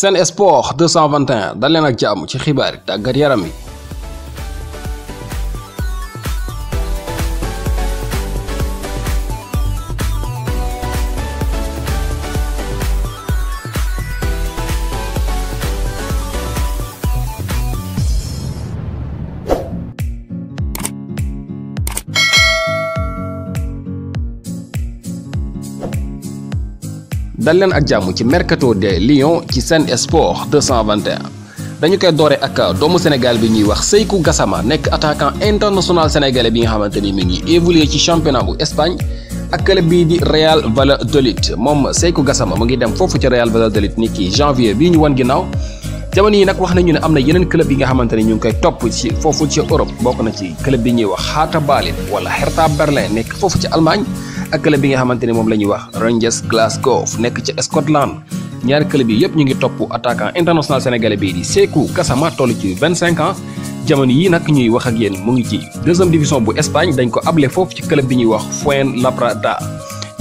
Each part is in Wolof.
Sen Sport 221 dal leen ak jàmm ci xibaar yi tàggat yaram yi dal leen ak jàmm ci mercato des Lions ci Sen Sport 221 dañu koy dooree ak doomu Sénégal bi ñuy wax Seykou Gassama nekk attaquant international sénégalais bi nga xamante ni mi ngi évolué ci championnat bu Espagne ak club bii di Real Valladolid moom Seykou Gassama mu ngi dem foofu ci Real Valladolid ni ki janvier bi ñu wan ginnaaw jamono yi nag wax nañu ne am na yeneen club yi nga xamante ne ñu ngi koy topp ci foofu ci Europe bokk na ci club bi ñuy wax Hertha Berlin wala foofu ci Allemagne ak club bi nga xamanteni mom lañuy wax Rangers Glasgow nek ci Scotland ñaar club yi yépp ñu ngi top attaquant international sénégalais bi di Sekou Kassama tollu ci 25 ans jamono yi nak ñuy wax ak yeen mu ngi ci deuxième division bu Espagne dañ ko ablé fofu ci club bi ñuy wax Fuenlabrada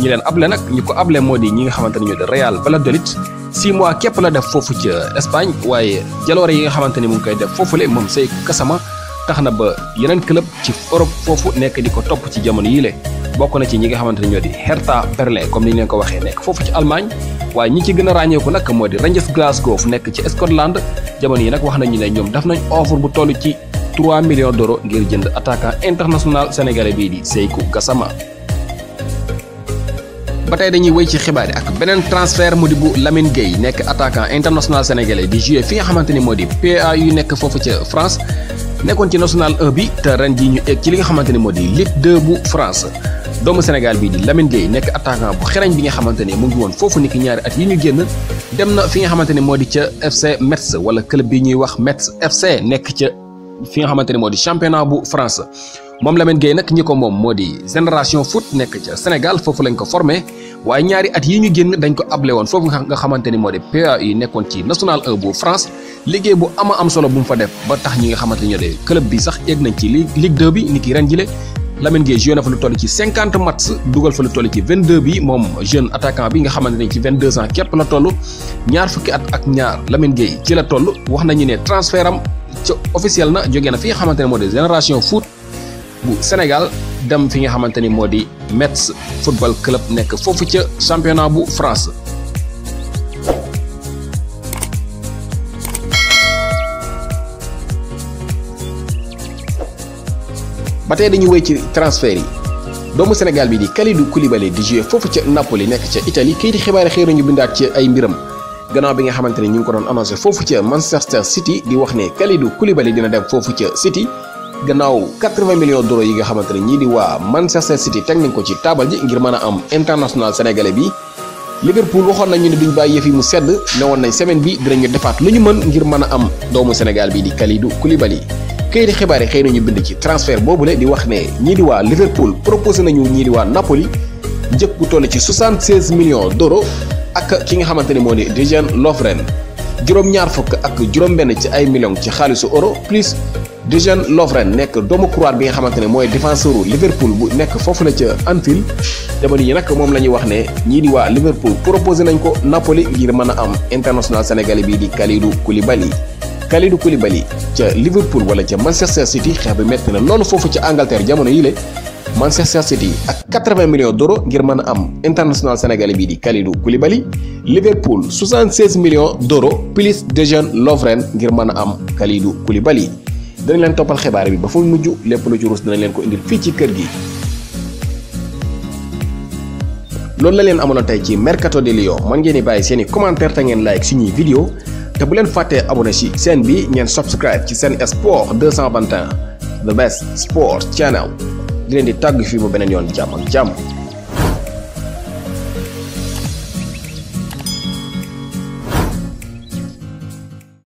ñi leen ablé nak ñi ko ablé modi ñi nga xamanteni ñoo de Real Valladolid 6 mois képp la def fofu ci Espagne waaye jaloore yi nga xamanteni mu ngi koy def foofule mom Sekou Kassama taxna ba yenen club ci Europe fofu nek di top ci jamono yi le bokk na ci ñi nga xamante ne ñoo di Hertha Berlin comme ni ñu leen ko waxee nekk foofu ci Allemagne waaye ñi ci gën a ràññeeku nag moo di Rangers Glasgow fu nekk ci Scotland jamono yi nag wax nañu ne ñoom daf nañ offre bu toll ci 3 millions d'euros ngir jënd attaquant international sénégalais bii di Seykou Gassama. ba tey dañuy wéy ci xibaar yi ak beneen transfert mu di bu Lamine yi nekk attaquant international sénégalais di joué fi nga xamante ni moo di yu nekk foofu ca France nekkoon ci national bi ren jii ñu egg ci li nga xamante ni moo di Ligue 2 bu France. doomu Sénégal bii di Lamine Gueye nekk attaquant bu xereñ bi nga xamante ne mu ngi woon foofu ni ki ñaari at yi ñu génn dem na fi nga xamante ne moo di ca FC wala club bi ñuy wax Metz nekk ca fi nga xamante ne moo di championnat bu France moom Lamine Gueye nag ñi ko moom moo di génération foot nekk ca Sénégal foofu lañ ko formé waaye ñaari at yi ñu génn dañ ko able woon foofu nga xamante ni moo di PAU nekkoon ci national 1 bu France liggéey bu ama am solo bu mu fa def ba tax ñi nga xamante ne ñoo de club bi sax yegg nañ ci Ligue 2 bi ni ki ren jile Lamine Gueye joué na fa lu toll ci cinquante matchs dugal fa lu toll ci vingt deux bi moom jeune attaquant bi nga xamante ne ci vingt deux ans képp la toll ñaar fukki at ak ñaar Lamine Gueye ci la toll wax nañu ne transfert am ca officiel na jógee na fi nga xamante ne moo di génération foot bu Sénégal dem fi nga xamante ni moo di Metz football club nekk foofu ca championnat bu France. ba tey dañu wéy ci transfert yi doomu Sénégal bi di Kalidou Koulibaly di joué foofu ca Napoli nekk ca Italie kayiti xibaar yi ñu bindaat ci ay mbiram gannaaw bi nga xamante ne ñu ngi ko doon annoncé foofu ca Manchester City di wax ne Kalidou Koulibaly dina dem foofu ca City gannaaw 80 millions d'euros yi nga xamante ne ñii di waa Manchester City teg nañ ko ci taabal ji ngir mën a am international sénégalais bi Liverpool waxoon nañu ne duñ bàyyi yëf yi mu sedd ne woon nañ semaine bi dinañu defaat lu ñu mën ngir mën am doomu Sénégal bi di Kalidou Koulibaly këyit xibaar yi xëy nañu bind ci transfert le di wax ne ñii di waa Liverpool proposé nañu ñii di waa Napoli njëkk bu toll ci 76 millions d'euros ak ki nga xamante ne moo di Dejan Lovren juróom-ñaar fukk ak juróom-benn ci ay millions ci xaalisu euro plus Dejan Lovren nekk doomu Croate bi nga xamante ne mooy défenseuru Liverpool bu nekk foofu la ca Anfield jamono yi nag moom la ñuy wax ne ñii di waa Liverpool proposé nañ ko Napoli ngir mën a am international sénégalais bii di Kalidou Koulibaly. Kalidou Koulibaly ca Liverpool wala ca Manchester City xeex bi metti na loolu foofu ca Angleterre jamono yi la Manchester City ak 80 millions d'euros ngir mën a am international sénégalais bii di Kalidou Koulibaly Liverpool 76 millions d'euros plus Dejan Lovren ngir mën a am Kalidou Koulibaly danañ leen toppal xibaar bi ba fu mujj lépp lu ci ruus leen ko indil fii ci kër gi. loolu la leen amoon tey ci mercato de Lyon mën ngeen di bàyyi seen i commentaire te ngeen like suñuy vidéo te bu leen fàttee abonné ci seen bi ngeen subscribe ci seen sport 221 the best sport channel di leen di tàgg fii ba beneen yoon jàmm ak jàmm